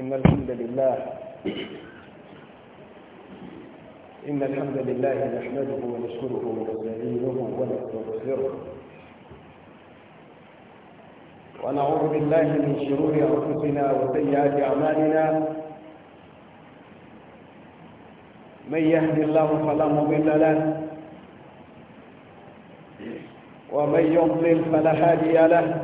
إن الحمد لله إن الحمد لله نحمده ونشكره ونستعينه ونستغفره ونعوذ بالله من شرور أنفسنا وسيئات أعمالنا من يهد الله فلا مضل له ومن يضلل فلا هادي له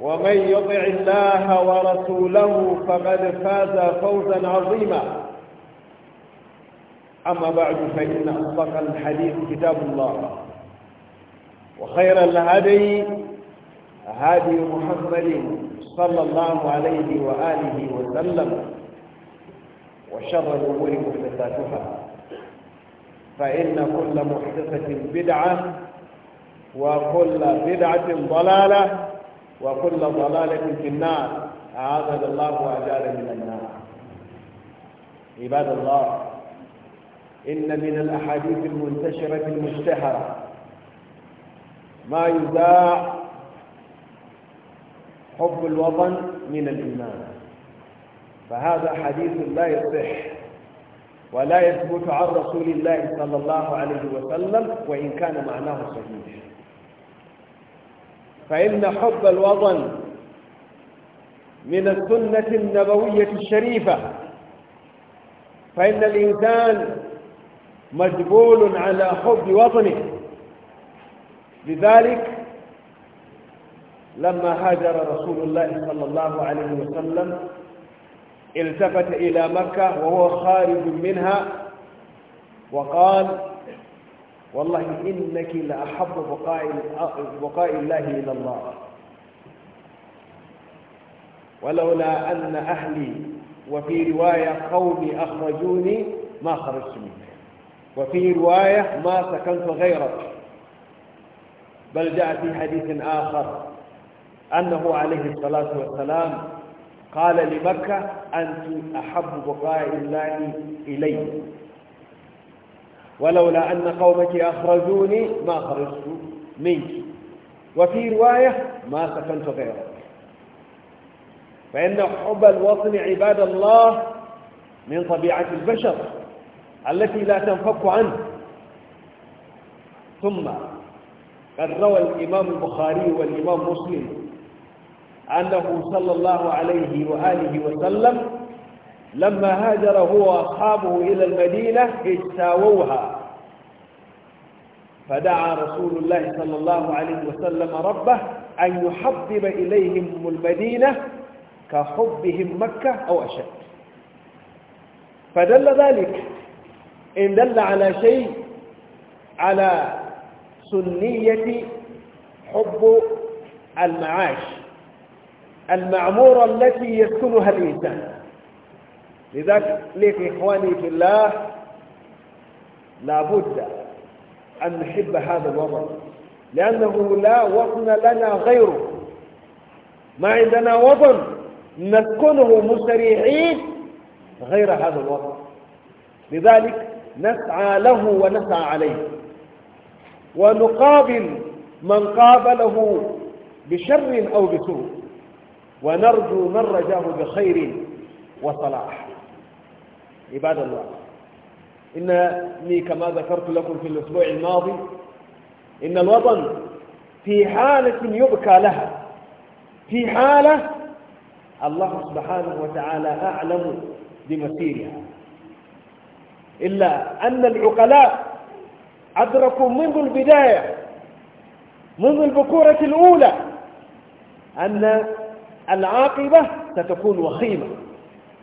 ومن يطع الله ورسوله فقد فاز فوزا عظيما أما بعد فإن أصدق الحديث كتاب الله وخير الهدي هادي محمد صلى الله عليه وآله وسلم وشر الأمور محدثاتها فإن كل محدثة بدعة وكل بدعة ضلالة وكل ضلالة في النار أعاذنا الله وأجارنا من النار عباد الله إن من الأحاديث المنتشرة المشتهرة ما يذاع حب الوطن من الإيمان فهذا حديث لا يصح ولا يثبت عن رسول الله صلى الله عليه وسلم وإن كان معناه صحيح فإن حب الوطن من السنة النبوية الشريفة فإن الإنسان مجبول على حب وطنه لذلك لما هاجر رسول الله صلى الله عليه وسلم التفت إلى مكة وهو خارج منها وقال والله إنك لأحب بقاء بقاء الله إلى الله ولولا أن أهلي وفي رواية قومي أخرجوني ما خرجت منك وفي رواية ما سكنت غيرك بل جاء في حديث آخر أنه عليه الصلاة والسلام قال لمكة أنت أحب بقاء الله إلي ولولا أن قومك أخرجوني ما خرجت منك وفي رواية ما سكنت غيرك فإن حب الوطن عباد الله من طبيعة البشر التي لا تنفك عنه ثم قد روى الإمام البخاري والإمام مسلم أنه صلى الله عليه وآله وسلم لما هاجر هو وأصحابه إلى المدينة اجتاووها فدعا رسول الله صلى الله عليه وسلم ربه أن يحبب إليهم المدينة كحبهم مكة أو أشد فدل ذلك إن دل على شيء على سنية حب المعاش المعمورة التي يسكنها الإنسان لذلك إخواني في الله لابد أن نحب هذا الوطن لأنه لا وطن لنا غيره ما عندنا وطن نسكنه مستريحين غير هذا الوطن لذلك نسعى له ونسعى عليه ونقابل من قابله بشر أو بسوء ونرجو من رجاه بخير وصلاح عباد الله إنني كما ذكرت لكم في الأسبوع الماضي إن الوطن في حالة يبكى لها في حالة الله سبحانه وتعالى أعلم بمسيرها إلا أن العقلاء أدركوا منذ البداية منذ البكورة الأولى أن العاقبة ستكون وخيمة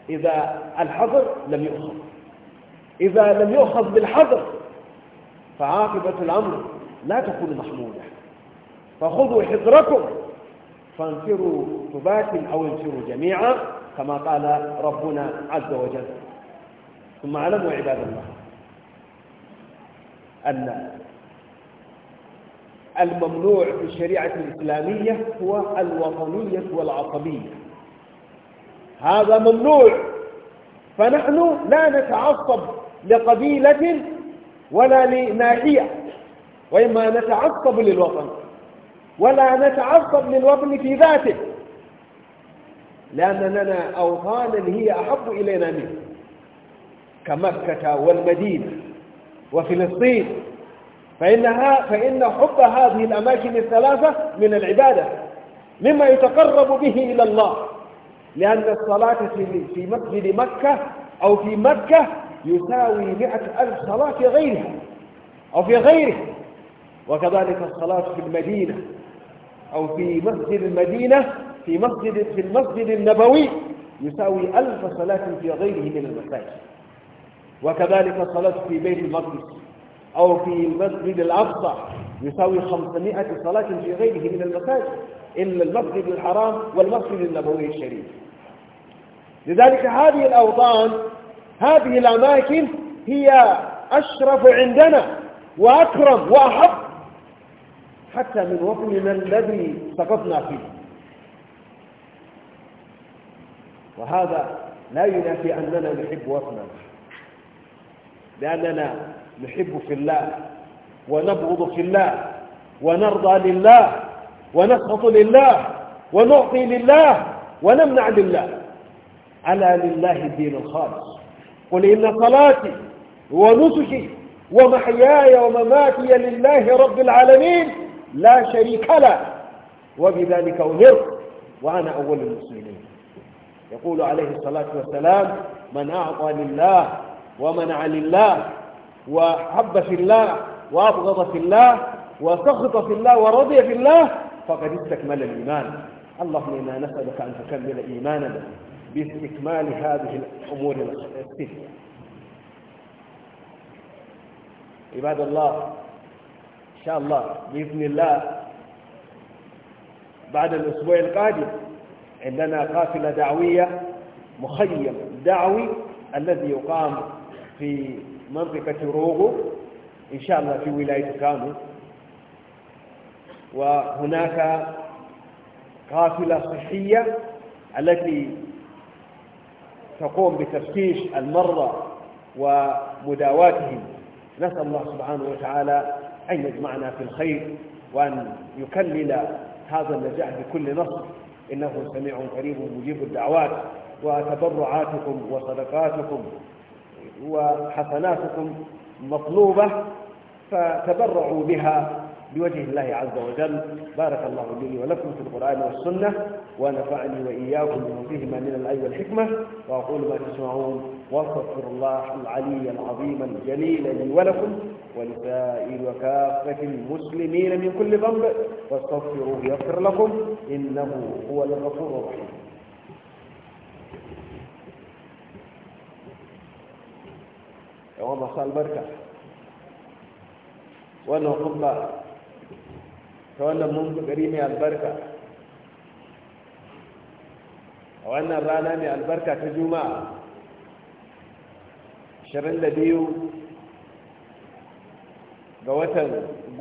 إذا الحظر لم يؤخذ إذا لم يؤخذ بالحظر فعاقبة الأمر لا تكون محمودة فخذوا حذركم فانفروا ثبات أو انفروا جميعا كما قال ربنا عز وجل ثم اعلموا عباد الله أن الممنوع في الشريعة الإسلامية هو الوطنية والعصبية هذا ممنوع فنحن لا نتعصب لقبيلة ولا لناحية وإما نتعصب للوطن ولا نتعصب للوطن في ذاته لأن لنا أوطانا هي أحب إلينا منه كمكة والمدينة وفلسطين فإنها فإن حب هذه الأماكن الثلاثة من العبادة مما يتقرب به إلى الله لأن الصلاة في مسجد مكة أو في مكة يساوي مئة ألف صلاة في غيرها أو في غيره وكذلك الصلاة في المدينة أو في مسجد المدينة في مسجد في المسجد النبوي يساوي ألف صلاة في غيره من المساجد وكذلك الصلاة في بيت المقدس أو في المسجد الأقصى يساوي 500 صلاة في غيره من المساجد إلا المسجد الحرام والمسجد النبوي الشريف لذلك هذه الأوطان هذه الأماكن هي أشرف عندنا وأكرم وأحب حتى من وطننا الذي سقطنا فيه وهذا لا ينافي أننا نحب وطننا لأننا نحب في الله ونبغض في الله ونرضى لله ونسخط لله ونعطي لله ونمنع لله ألا لله الدين الخالص قل إن صلاتي ونسكي ومحياي ومماتي لله رب العالمين لا شريك له وبذلك أمرت وأنا أول المسلمين يقول عليه الصلاة والسلام من أعطى لله ومنع لله وحب في الله وأبغض في الله وسخط في الله ورضي في الله فقد استكمل الإيمان اللهم إنا نسألك أن تكمل إيماننا باستكمال هذه الأمور الستة عباد الله إن شاء الله بإذن الله بعد الأسبوع القادم عندنا قافلة دعوية مخيم دعوي الذي يقام في منطقة روغو إن شاء الله في ولاية كامو وهناك قافلة صحية التي تقوم بتفتيش المرضى ومداواتهم نسأل الله سبحانه وتعالى أن يجمعنا في الخير وأن يكلل هذا النجاح بكل نصر إنه سميع قريب مجيب الدعوات وتبرعاتكم وصدقاتكم وحسناتكم مطلوبة فتبرعوا بها بوجه الله عز وجل بارك الله لي ولكم في القرآن والسنة ونفعني وإياكم بما فيهما من الأي والحكمة وأقول ما تسمعون واستغفر الله العلي العظيم الجليل لي ولكم ولسائر وكافة المسلمين من كل ذنب فاستغفروه يغفر لكم إنه هو الغفور الرحيم الله مساء البركة وأنا خطبة ta wannan mun gari mai albarka a wannan rana mai albarka ta juma'a 22 ga watan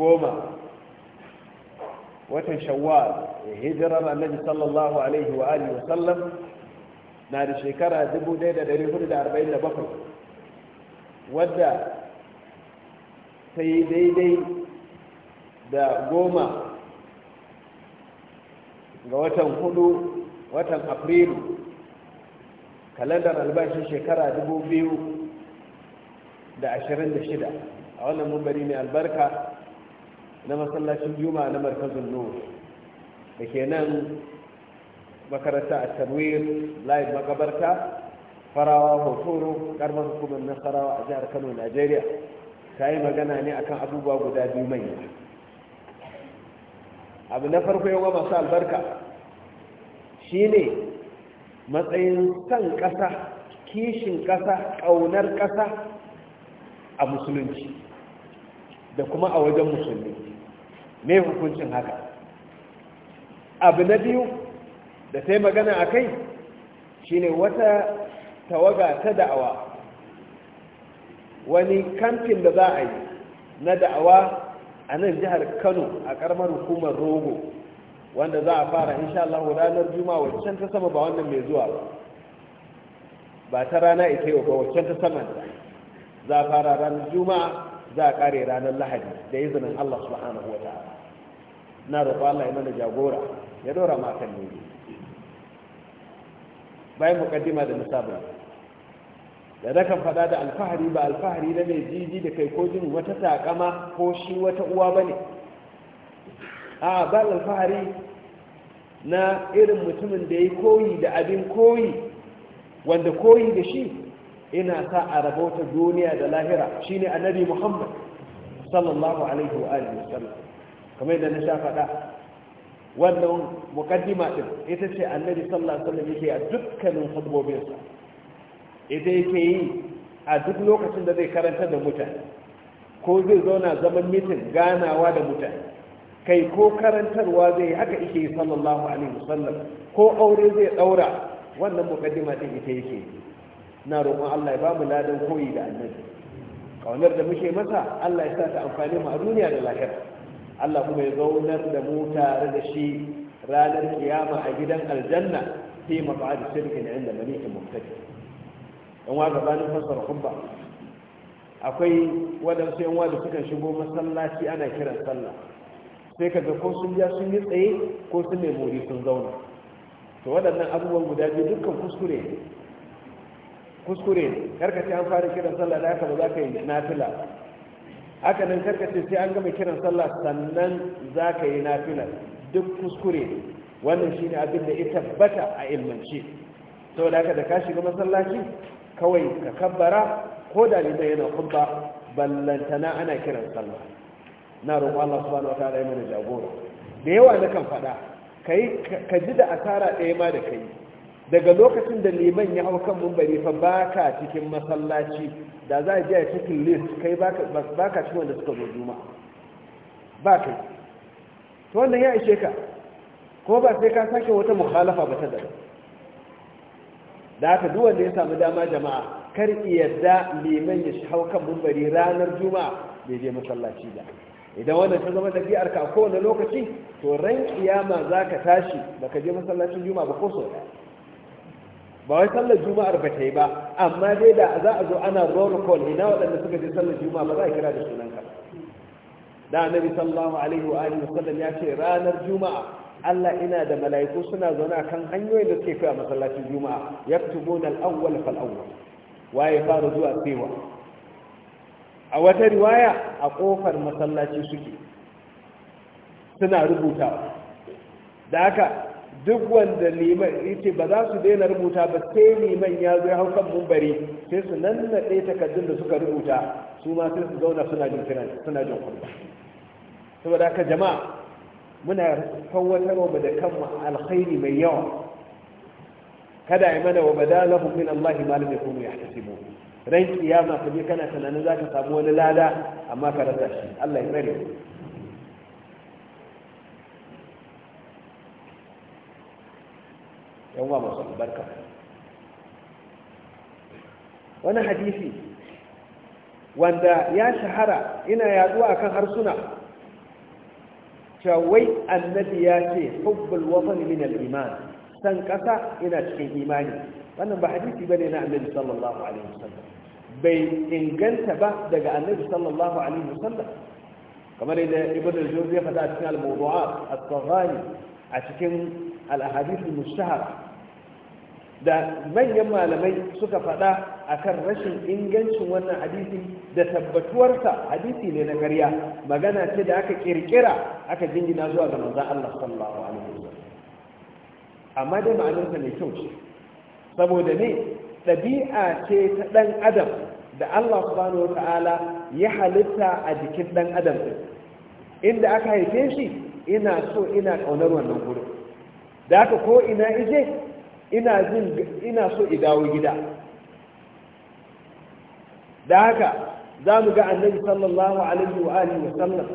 goma watan shawwal hijirar annabi sallallahu alaihi wa alihi wasallam na da shekara 1447 wadda ta yi daidai da goma ga watan hudu watan afrilu kalandar albashin shekara dubu biyu da ashirin da shida a wannan mumbari mai albarka na masallacin juma na markazin nur da ke nan makaranta a tarwir layin magabarta farawa hotoro karmar hukumar nasarawa a jihar kano najeriya ta yi magana ne akan abubuwa guda biyu manya abu na farko yawa masu albarka shi ne matsayin san ƙasa kishin ƙasa ƙaunar ƙasa a musulunci da kuma a wajen musulmi ne hukuncin haka abu na biyu da ta magana a kai shi ne wata tawaga ta da'awa wani kamfin da za a yi na da'awa a nan jihar kano a karamar hukumar rogo wanda za a fara insha Allah ranar juma'a waccan ta sama ba wannan mai zuwa ba ba ta rana ita yau ba waccan ta sama za a fara ranar juma'a za a kare ranar lahadi da izinin Allah subhanahu wa ta'ala na roƙo Allah ya mana jagora ya dora ma kan ne bayan mukaddima da musabara da nakan faɗa da alfahari ba alfahari na mai jiji da kai ko jin wata takama ko shi wata uwa ba ne a ba alfahari na irin mutumin da ya koyi da abin koyi wanda koyi da shi ina sa a rabota duniya da lahira shine annabi muhammad sallallahu alaihi wa alihi wasallam kamar yadda na sha faɗa wannan mukaddima din ita ce annabi sallallahu alaihi wasallam yake a dukkanin hudubobinsa ita yake yi a duk lokacin da zai karanta da mutane ko zai zauna zaman mitin ganawa da mutane kai ko karantarwa zai haka ike yi sallallahu alaihi wasallam ko aure zai daura wannan mukaddima din ita yake na roƙon Allah ya ba mu ladan koyi da annabi kaunar da muke masa Allah ya sa ta amfani mu a duniya da lahira Allah kuma ya zaunar da mu tare da shi ranar kiyama a gidan aljanna fi mab'ad sirkin inda malikin muqtadir yan wa gabanin fasar hubba akwai waɗansu yan wa da suka shigo masallaci ana kiran sallah sai ka ga ko sun ja sun yi tsaye ko sun ne mori sun zauna to waɗannan abubuwan guda biyu dukkan kuskure ne kuskure ne karkace an fara kiran sallah da haka ba za ka yi nafila haka nan karkace sai an gama kiran sallah sannan za ka yi nafila duk kuskure ne wannan shine abin da ya tabbata a ilmance saboda haka da ka shiga masallaci kawai ka kabbara ko da liman yana kubba ballantana ana kiran sallah na roƙo Allah subhanahu wa ta'ala ya mana jagora da yawa na kan faɗa ka ji da asara ɗaya ma da kai daga lokacin da liman ya hau kan mumbari fa baka cikin masallaci da za a je a cikin list kai baka cikin wanda suka zo juma ba kai to wannan ya ishe ka ko ba sai ka sake wata mukhalafa ba ta daga da haka duk wanda ya samu dama jama'a kar yadda liman ya hau kan mumbari ranar juma'a bai je masallaci da. idan wannan ta zama tafiyar ka a kowane lokaci to ran kiyama za ka tashi baka je masallacin juma'a ba ko sau ɗaya ba wai sallar juma'ar ba ta yi ba amma dai da za a zo ana roll call ina waɗanda suka je sallar juma'a ba za a kira da sunan ka da annabi sallallahu alaihi wa alihi wasallam ya ce ranar juma'a Allah ina da mala'iku suna zaune kan hanyoyin da suke kai a masallacin juma'a yaktubuna al-awwal fal awwal waye fara zuwa tsewa a wata riwaya a kofar masallaci suke suna rubutawa da haka duk wanda liman yace ba za su daina rubuta ba sai liman ya zo ya hau kan mumbari sai su nannaɗe takardun da suka rubuta su ma sai su zauna suna jin suna jin saboda haka jama'a muna kawatarwa mu da kanmu alkhairi mai yawa kada yi mana wa badalahum min Allah ma lam yakunu yahtasibu ran kiyama kaje kana tunanin zaka samu wani lada amma ka rasa shi Allah ya tsare yan wa masu albarka wani hadisi wanda ya shahara ina yaduwa akan harsuna wai annabi ya ce hubbul watan min al-iman san kasa ina cikin imani wannan ba hadisi bane na annabi sallallahu alaihi wasallam bai inganta ba daga annabi sallallahu alaihi wasallam kamar yadda ibn al-jawzi ya faɗa cikin al-mawdu'at as-saghani a cikin al-ahadith al-mushtahara da manyan malamai suka faɗa a kan rashin ingancin wannan hadisi da tabbatuwarsa hadisi ne na ƙarya magana ce da aka ƙirƙira aka jingina zuwa ga manzan Allah sallallahu alaihi wasallam amma dai ma'anarsa ne kyau ce saboda ne ɗabi'a ce ta ɗan adam da Allah subhanahu wa ta'ala ya halitta a jikin ɗan adam ɗin inda aka haife shi ina so ina ƙaunar wannan gurin da aka ko ina ije ina jin ina so idawo gida da haka za mu ga annabi sallallahu alaihi wa alihi wa sallam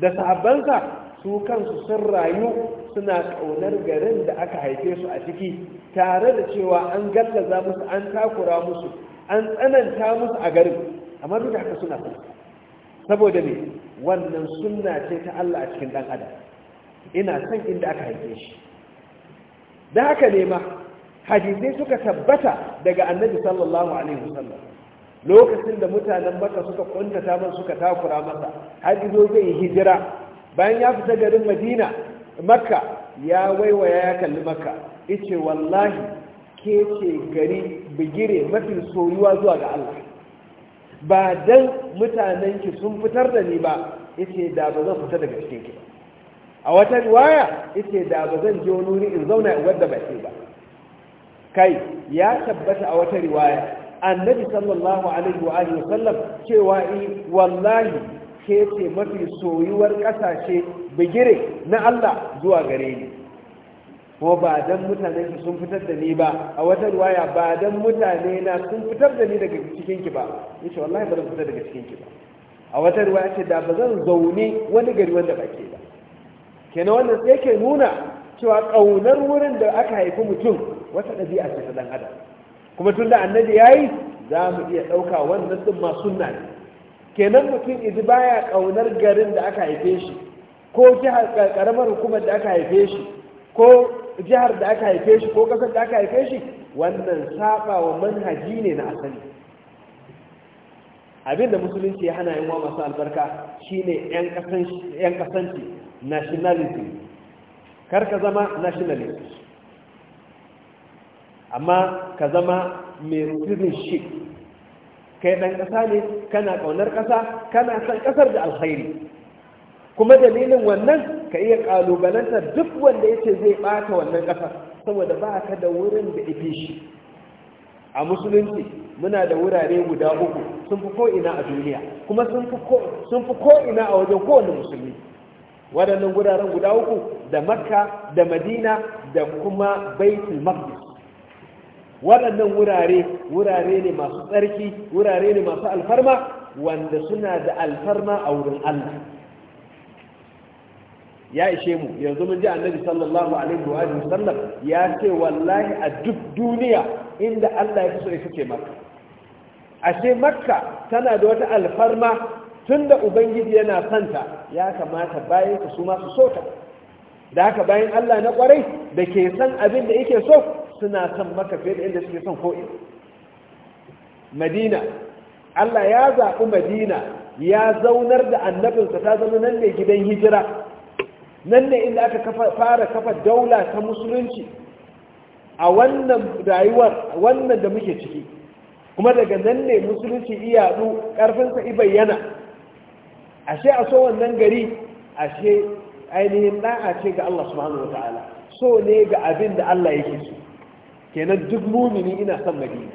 da sahabbansa su kansu sun rayu suna ƙaunar garin da aka haife su a ciki tare da cewa an gallaza musu an takura musu an tsananta musu a garin amma duk haka suna son saboda me wannan sunna ce ta Allah a cikin dan adam ina son inda aka haife shi da haka ne ma hadisai suka tabbata daga annabi sallallahu alaihi wasallam lokacin da mutanen maka suka kuntata masa suka takura masa har izo zai hijira bayan ya fita garin madina makka ya waiwaya ya kalli makka ice wallahi ke ce gari bigire mafi soyuwa zuwa ga allah ba dan mutanenki sun fitar da ni ba ice da ba zan fita daga cikinki ba a wata riwaya ice da ba zan je wani wuri in zauna in wadda ba ce ba kai ya tabbata a wata riwaya annabi sallallahu alaihi wa alihi wasallam cewa in wallahi ke ce mafi soyuwar kasashe bigire na Allah zuwa gare ni ko ba dan mutanen ki sun fitar da ni ba a wata riwaya ba dan mutane na sun fitar da ni daga cikin ki ba yace wallahi ba zan fitar daga cikin ki ba a wata riwaya ce da ba zan zaune wani gari wanda ba ke ba kenan wannan sai ke nuna cewa kaunar wurin da aka haifi mutum wata ɗabi'a ce ta ɗan adam kuma tun da annabi ya yi za mu iya ɗauka wannan sun ma ne kenan mutum idan baya ƙaunar garin da aka haife shi ko jihar ƙaramar hukumar da aka haife shi ko jihar da aka haife shi ko ƙasar da aka haife shi wannan saba wa manhaji ne na asali abinda musulunci ya hana wa masu albarka shine yan kasance nationality karka zama nationalist amma ka zama mai rufin shi kai ɗan ƙasa ne kana ƙaunar ƙasa kana san ƙasar da alkhairi kuma dalilin wannan ka iya ƙalubalantar duk wanda ya ce zai ɓata wannan ƙasa saboda ba ka da wurin da ife shi a musulunci muna da wurare guda uku sun fi ko'ina a duniya kuma sun fi ko'ina a wajen kowane musulmi waɗannan guraren guda uku da makka da madina da kuma baitul maqdis waɗannan wurare wurare ne masu tsarki wurare ne masu alfarma wanda suna da alfarma a wurin Allah ya ishe mu yanzu mun ji annabi sallallahu alaihi wa sallam ya ce wallahi a duk duniya inda Allah ya fi so ya fice maka ashe makka tana da wata alfarma tunda ubangiji yana santa ya kamata bayan ka su masu sota da haka bayan Allah na kwarai da ke san abin da yake so suna son maka fiye da inda suke son ko'in madina allah ya zaɓi madina ya zaunar da annabinsa ta zama nan ne gidan hijira nan ne inda aka fara kafa daula ta musulunci a wannan rayuwar wannan da muke ciki kuma daga nan ne musulunci iyadu ƙarfinsa bayyana. ashe a so wannan gari ashe ainihin ɗa'a ce ga Allah subhanahu wa ta'ala so ne ga abin da Allah yake so kenan duk mumini ina son madina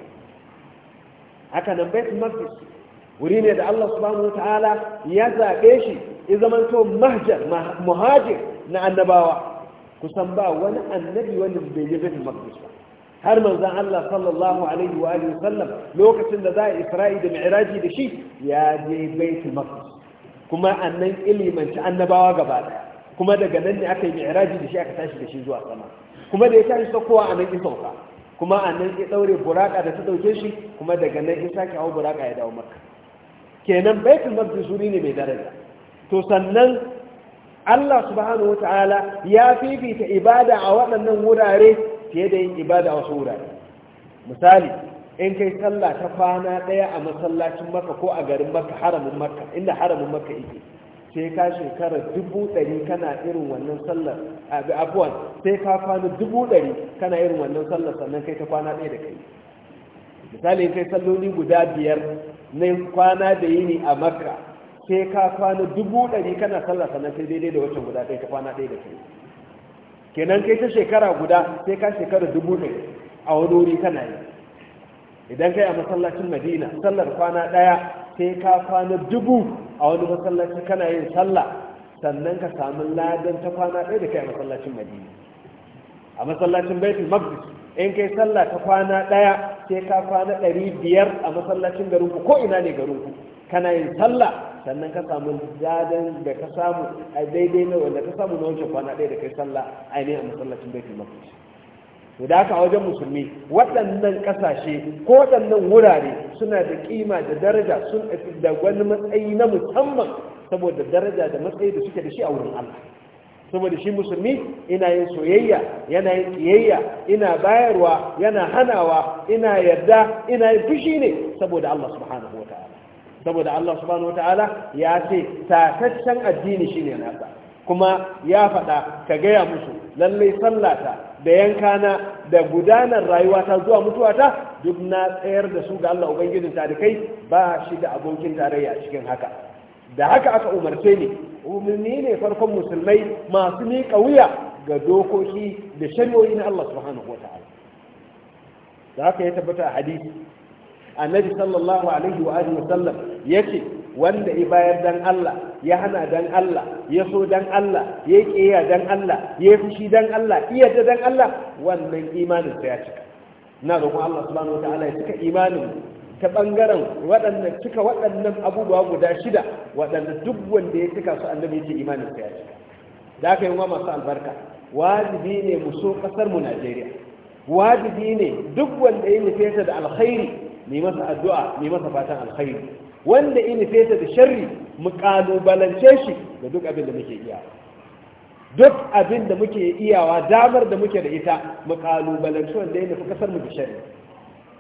haka nan baitul maqdis wuri ne da Allah subhanahu wataala ya zaɓe shi ya zamanto mahjar muhajir na annabawa kusan ba wani annabi wani bai je baitul maqdis ba har manzon Allah sallallahu alaihi wa alihi sallam lokacin da za a Isra'i da Mi'raji da shi ya je baitul maqdis kuma annan ilimanci annabawa gaba kuma daga nan ne aka yi Mi'raji da shi aka tashi da shi zuwa sama kuma da ya tashi saukowa a nan ya sauka kuma a nan ya daure buraka da ta dauke shi kuma daga nan ya sake hau buraka ya dawo makka kenan baitul maqdis wuri ne mai daraja to sannan Allah subhanahu wataala ya fifita ibada a waɗannan wurare fiye da yin ibada a wasu wurare misali in kai sallah ta kwana ɗaya a masallacin maka ko a garin makka haramin maka, inda haramin makka yake sai ka shekara dubu ɗari kana irin wannan sallar abuwan sai ka kwana dubu ɗari kana irin wannan sallar sannan kai ta kwana ɗaya da kai misali kai salloli guda biyar na kwana da yini a makka sai ka kwana dubu ɗari kana sallar sannan sai daidai da wacce guda kai ta kwana ɗaya da kai kenan kai ta shekara guda sai ka shekara dubu ɗari a wani wuri kana yi idan kai a masallacin madina sallar kwana ɗaya sai ka kwana dubu a wani masallaci kana yin sallah sannan ka samu ladan ta kwana ɗaya da kai a masallacin madina a masallacin baitul maqdis in kai sallah ta kwana ɗaya sai ka kwana ɗari biyar a masallacin garinku ko ina ne garinku kana yin sallah sannan ka samu ladan da ka samu a daidai na wanda ka samu na wancan kwana ɗaya da kai sallah ainihin a masallacin baitul maqdis to da wajen musulmi waɗannan ƙasashe ko waɗannan wurare suna da ƙima da daraja sun da wani matsayi na musamman saboda daraja da matsayi da suke da shi a wurin Allah saboda shi musulmi ina yin soyayya yana yin kiyayya ina bayarwa yana hanawa ina yarda ina yin fushi ne saboda Allah subhanahu ta'ala. saboda Allah subhanahu ta'ala ya ce tataccen addini shine nasa kuma ya faɗa ka gaya musu lallai sallata da yankana da gudanar rayuwata zuwa mutuwata duk na tsayar da su ga Allah Ubangijin ta da kai ba shi da abokin tarayya a cikin haka da haka aka umarce ni umarni ne farkon musulmai masu miƙa wuya ga dokoki da shari'o'i na Allah subhanahu wa ta'ala da haka ya tabbata a hadisi annabi sallallahu alaihi wa alihi wa sallam yace wanda i bayar dan Allah ya hana dan Allah ya so dan Allah ya kiyaye dan Allah ya fushi dan Allah iya da dan Allah wannan imanin sa ya cika ina roƙon Allah subhanahu wataala ya cika imanin ta bangaren waɗannan cika waɗannan abubuwa guda shida waɗanda duk wanda ya cika su annabi ce imanin sa ya cika da aka yi wa masu albarka wajibi ne mu so ƙasar mu Najeriya wajibi ne duk wanda ya nufe da alkhairi ne masa addu'a ne masa fatan alkhairi wanda ini ta da sharri mu kalubalance shi da duk abin da muke iya duk abin da muke iyawa damar da muke da ita mu kalubalance wanda ya nufi kasar mu da sharri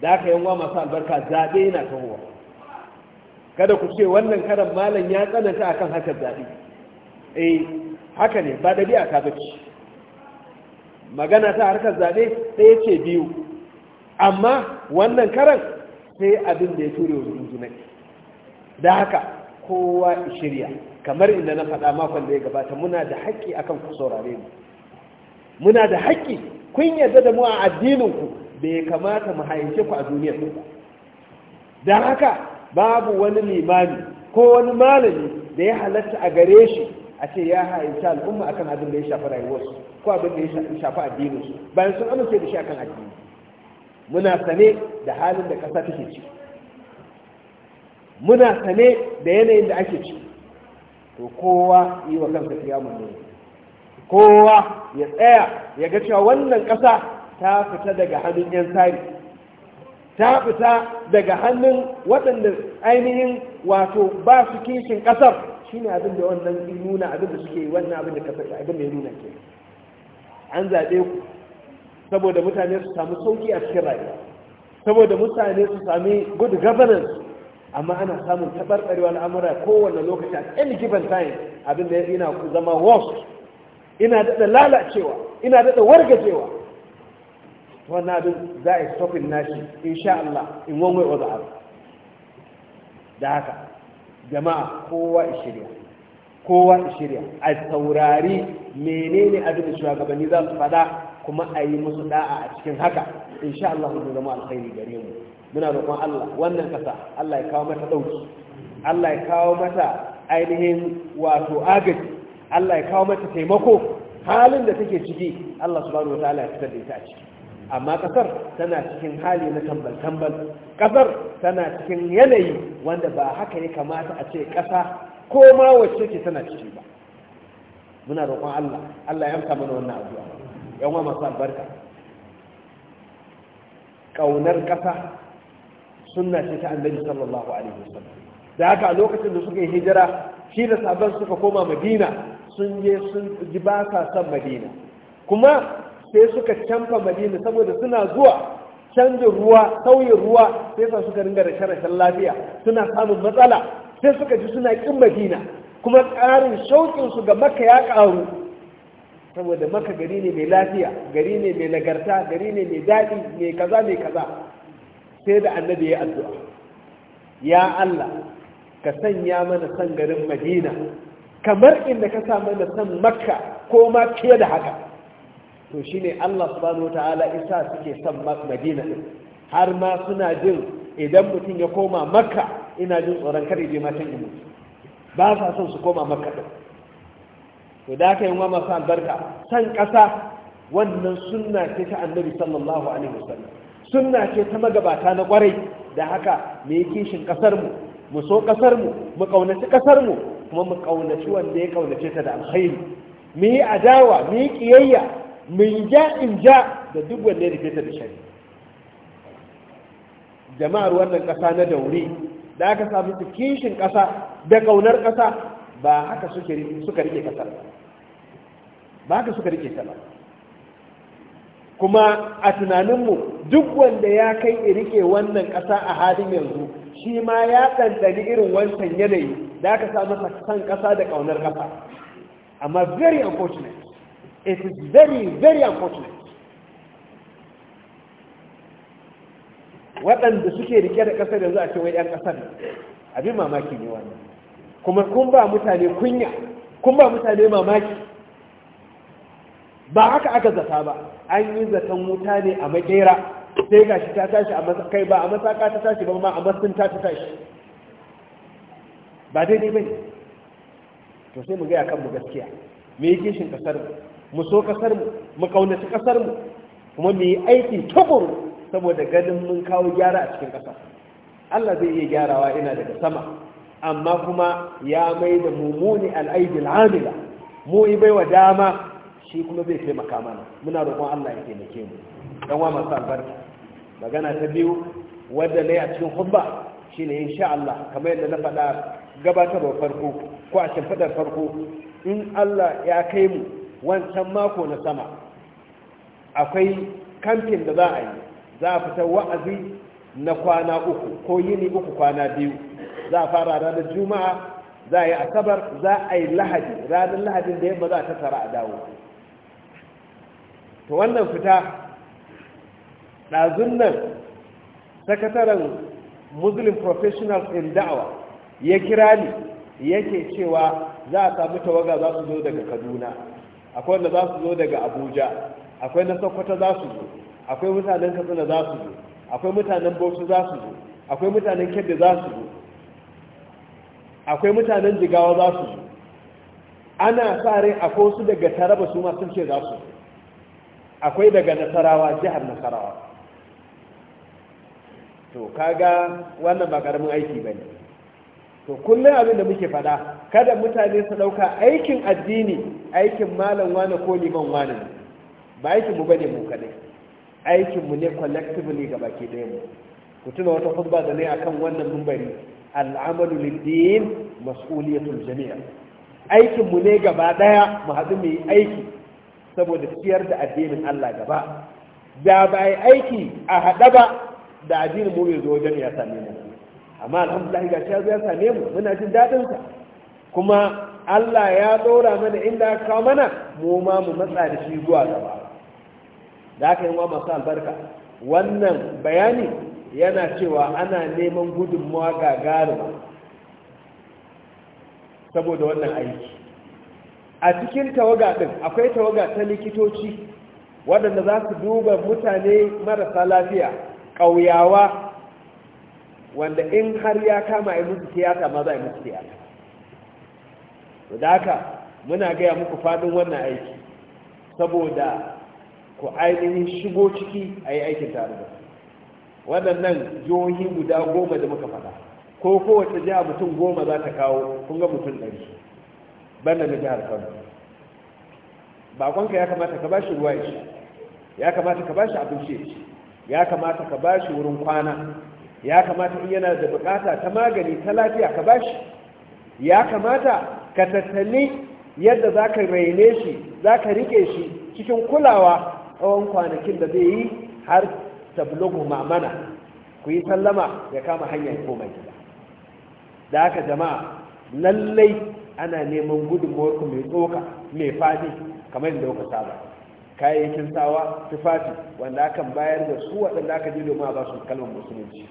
da aka yanwa masu albarka zaɓe yana tahowa kada ku ce wannan karan malam ya tsananta akan harkar zaɓe eh haka ne ba ɗabi'a ka bace magana ta harkar zaɓe ɗaya ce biyu amma wannan karan sai abin da ya ture wa junjunai da haka kowa shirya kamar inda na faɗa makon da ya gabata muna da haƙƙi akan ku saurare mu muna da haƙƙi kun yarda da mu a da ya kamata mu haince ku a duniyar ku Da haka babu wani limami ko wani malami da ya halatta a gare shi a ce ya haince al'umma akan abin da ya shafi rayuwarsu ko abin da ya shafi addininsu bayan sun amince da shi akan addini muna sane da halin da ƙasa take ciki muna sane da yanayin da ake ci to kowa yi wa kansa kiyamun ne kowa ya tsaya ya ga cewa wannan ƙasa ta fita daga hannun 'yan tsari ta fita daga hannun waɗanda ainihin wato ba su kishin ƙasar shi ne abin da wannan nuna abin da suke wannan abin da kasar abin mai ya nuna ke an zaɓe ku saboda mutane su samu sauƙi a cikin rayuwa saboda mutane su sami good governance amma ana samun taɓarɓarewa al'amura kowane lokaci a any given time abin da yana zama worse ina daɗa lalacewa ina daɗa wargajewa wannan abin za a yi stopping nashi insha Allah in one way or the other da haka jama'a kowa shirya kowa shirya a saurari menene abin da shugabanni za su faɗa kuma a yi musu da'a a cikin haka insha Allah mu zama alkhairi gare mu muna roƙon Allah wannan kasa Allah ya kawo mata dauki Allah ya kawo mata ainihin wato agaji Allah ya kawo mata taimako halin da take ciki Allah subhanahu wataala ya fitar da ita a ciki amma kasar tana cikin hali na tambal tambal kasar tana cikin yanayi wanda ba haka ya kamata a ce kasa ko ma wacce ke tana ciki ba muna roƙon Allah Allah ya amsa mana wannan addu'a yan wa masu albarka ƙaunar ƙasa suna ce ta annabi sallallahu alaihi wasallam da haka a lokacin da suka yi hijira shi da sabon suka koma madina sun je sun ji ba sa son madina kuma sai suka canfa madina saboda suna zuwa canjin ruwa sauyin ruwa sai sa suka ringa da sharashen lafiya suna samun matsala sai suka ji suna ƙin madina kuma ƙarin shauƙinsu ga maka ya ƙaru saboda maka gari ne mai lafiya gari ne mai nagarta gari ne mai daɗi mai kaza mai kaza sai da annabi ya addu'a ya Allah ka sanya mana san garin madina kamar inda ka sa mana san makka ko ma fiye da haka to shine Allah subhanahu wataala isa suke san madina har ma suna jin idan mutum ya koma makka ina jin tsoron kar je ma can ba sa son su koma makka din to da aka yi wa masu albarka san ƙasa wannan suna ce ta annabi sallallahu alaihi wasallam suna ce ta magabata na kwarai da haka mai kishin ƙasarmu mu so ƙasarmu mu ƙaunaci ƙasarmu kuma mu ƙaunaci wanda ya ƙaunace ta da alkhairi mu yi adawa mu yi ƙiyayya mu yi ja in ja da duk wanda ya rufe ta da shari jama'ar wannan ƙasa na daure da aka samu kishin ƙasa da ƙaunar ƙasa ba haka suka rike kasar ba haka suka rike sama kuma a tunaninmu duk wanda ya kai rike wannan ƙasa a halin yanzu shi ma ya ɗanɗani irin wancan yanayi da aka sa masa san ƙasa da ƙaunar ƙasa amma very unfortunate it is very very unfortunate waɗanda suke rike da ƙasar yanzu a cewa 'yan ƙasar abin mamaki ne wannan kuma kun ba mutane kunya kun ba mutane mamaki ba haka aka zata ba an yi zaton wuta ne a makera sai ga shi ta tashi a kai ba a matsaka ta tashi ba ma a matsin ta tashi ba daidai bai, to sai mu gaya kanmu gaskiya me yi kishin kasar mu so kasar mu mu kaunaci kasar mu kuma mu yi aiki tukuru saboda ganin mun kawo gyara a cikin kasar Allah zai iya gyarawa ina daga sama amma kuma ya mai da mummuni al'aidil amila mu yi baiwa dama shi kuma zai taimaka mana muna roƙon Allah ya taimake mu dan wa masu albarka magana ta biyu wadda na yi a cikin hubba shine insha Allah kamar yadda na faɗa gabatarwa farko ko a faɗar farko in Allah ya kai mu wancan mako na sama akwai kamfin da za a yi za a fita wa'azi na kwana uku ko yini uku kwana biyu za a fara ranar juma'a za a yi asabar za a yi lahadi ranar lahadin da yamma za a tattara a dawo to wannan fita ɗazun nan sakataren muslim professional in da'awa ya kira ni yake cewa za a samu tawaga za su zo daga kaduna akwai wanda za su zo daga abuja akwai na sokoto za su zo akwai mutanen katsina za su zo akwai mutanen bauchi za su zo akwai mutanen kebbi za su zo akwai mutanen jigawa za su ana sa a kosu su daga taraba su masu ce za su akwai daga nasarawa jihar nasarawa to kaga wannan ba karamin aiki ba ne to kullum abin da muke fada kada mutane su ɗauka aikin addini aikin malam wane ko liman wane ba aikinmu ba ne mu kaɗai aikinmu ne collectively ga baki da mu ku tuna wata hudba da ne akan wannan mumbari al'amalu lildin mas'uliyatul jami'a Aikinmu ne gaba daya mu haɗu mu aiki saboda ciyar da addinin Allah gaba da ba aiki a haɗa ba da addinin mu mai zo wajen ya same mu amma alhamdulillah ga shi ya same mu muna jin daɗin sa kuma Allah ya ɗora mana inda aka kawo mana mu ma mu matsa da shi zuwa gaba da aka yi wa masu albarka wannan bayani yana cewa ana neman gudunmawa gagarima saboda wannan aiki a cikin tawaga ɗin akwai tawaga ta likitoci waɗanda za su duba mutane marasa lafiya ƙauyawa wanda in har ya kama a musu tiyata ma za a musu tiyata da haka muna gaya muku faɗin wannan aiki saboda ku ainihin shigo ciki a yi aikin tare da waɗannan jihohi guda goma da muka faɗa ko kowace jiha mutum goma za ta kawo kun ga mutum ɗari banda na jihar kano bakonka ya kamata ka bashi ruwa ya ya kamata ka bashi abinci ya ya kamata ka bashi wurin kwana ya kamata in yana da bukata ta magani ta lafiya ka bashi ya kamata ka tattali yadda za ka raine shi za ka rike shi cikin kulawa tsawon kwanakin da zai yi har tablughu ma'mana ku yi sallama ya kama hanyar komai koma gida da haka jama'a lallai ana neman gudunmawar ku mai tsoka mai fadi kamar yadda kuka saba kayayyakin sawa tufafi wanda akan bayar da su waɗanda aka ji domin a ba su kalmar musulunci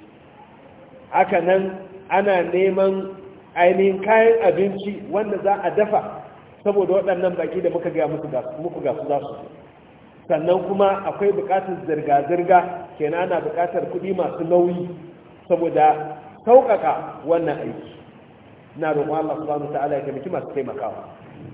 haka nan ana neman ainihin kayan abinci wanda za a dafa saboda waɗannan baki da muka gaya muku ga su za su sannan kuma akwai buƙatar zirga-zirga kena na buƙatar kuɗi masu nauyi saboda sauƙaƙa wannan aiki na roƙon Allah subhanahu ta'ala ya taimaki masu taimakawa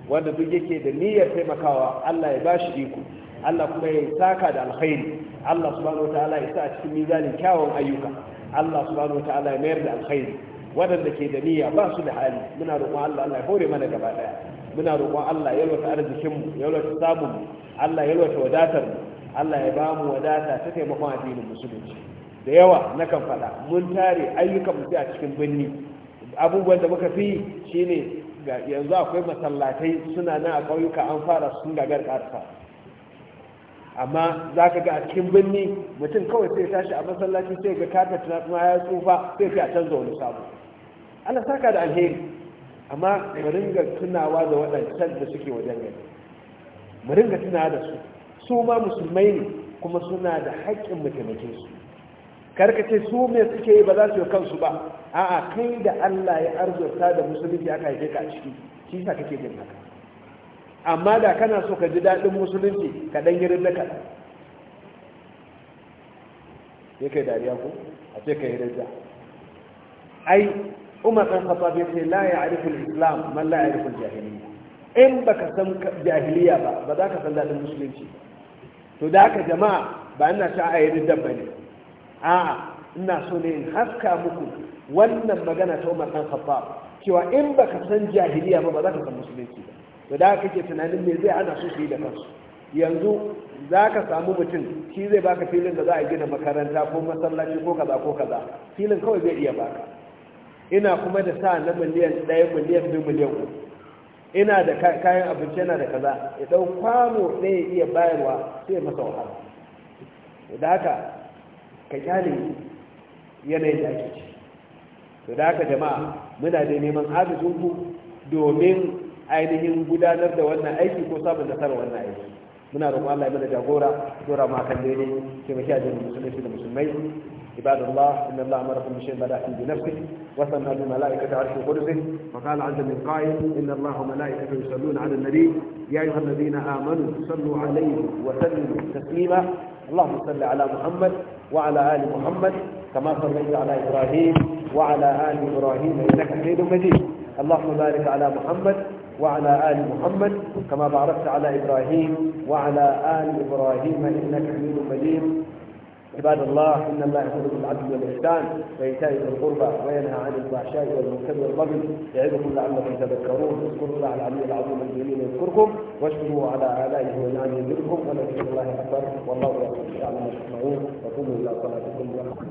wanda duk yake da niyyar taimakawa Allah ya shi iko Allah kuma ya saka da alkhairi Allah subhanahu ta'ala ya sa a cikin mizanin kyawun ayyuka Allah subhanahu ta'ala ya mayar da alkhairi waɗanda ke da niyya ba su da hali muna roƙon Allah Allah ya hore mana gaba ɗaya muna roƙon Allah ya yalwata arzikin mu yalwata samun Allah ya yalwata wadatar mu Allah ya ba mu wadata ta taimakon addinin musulunci da yawa na kan faɗa mun tare ayyukan mu a cikin birni abubuwan da muka fi shine yanzu akwai masallatai suna nan a ƙauyuka an fara sun gagar ƙarfa amma za ka ga a cikin birni mutum kawai sai tashi a masallaci sai ga kafet kuma ya tsufa sai a canza wani sabo Allah saka da alheri amma mu ringa tunawa da waɗancan da suke wajen gani mu ringa tunawa da su su ma musulmai ne kuma suna da haƙƙin mataimakin su karka ce su me suke yi ba za su yi kansu ba a'a kai da Allah ya arzuta da musulunci aka haife ka a ciki shi sa kake jin haka amma da kana so ka ji daɗin musulunci ka ɗan yi rindaka ya kai dariya ko a ce ka yi rinda ai umar ɗan khattab ya ce la a al-islam man la ya'rifu al-jahiliya in baka san jahiliya ba ba za ka san daɗin musulunci ba to da aka jama'a ba ina sha a yi ba ne a'a ina so ne in haska muku wannan magana ta umar dan khattab cewa in baka san jahiliya ba ba za ka san musulunci ba to da aka ke tunanin me zai ana so su yi da kansu yanzu za ka samu mutum shi zai baka filin da za a gina makaranta ko masallaci ko kaza ko kaza filin kawai zai iya baka ina kuma da sa na miliyan ɗaya miliyan biyu miliyan uku ina da kayan abinci yana da kaza ya dau kwano ɗaya iya bayarwa sai ya masa wahala da haka ka kyale yanayin da ake ci to da haka jama'a muna da neman ku domin ainihin gudanar da wannan aiki ko samun nasarar wannan aiki muna roƙon Allah ya mana jagora dora ma kan ne sai mu kiyaye musulunci da musulmai ibadallah inna Allah bi shay'in bi nafsihi وسمى بملائكة عرش قدسه فقال عز من قائل إن الله ملائكة يصلون على النبي يا أيها الذين آمنوا صلوا عليه وسلموا تسليما اللهم صل على محمد وعلى آل محمد كما صليت على إبراهيم وعلى آل إبراهيم إنك حميد مجيد اللهم بارك على محمد وعلى آل محمد كما باركت على إبراهيم وعلى آل إبراهيم إنك حميد مجيد عباد الله إن الله يأمر بالعدل والإحسان وإيتاء ذي القربى وينهى عن الفحشاء والمنكر والبغي يعظكم لعلكم تذكرون اذكروا الله العلي العظيم الجليل يذكركم واشكروا على آلائه ونعمه يذكركم ولذكر الله أكبر والله يغفر ما تسمعون وقوموا إلى صلاتكم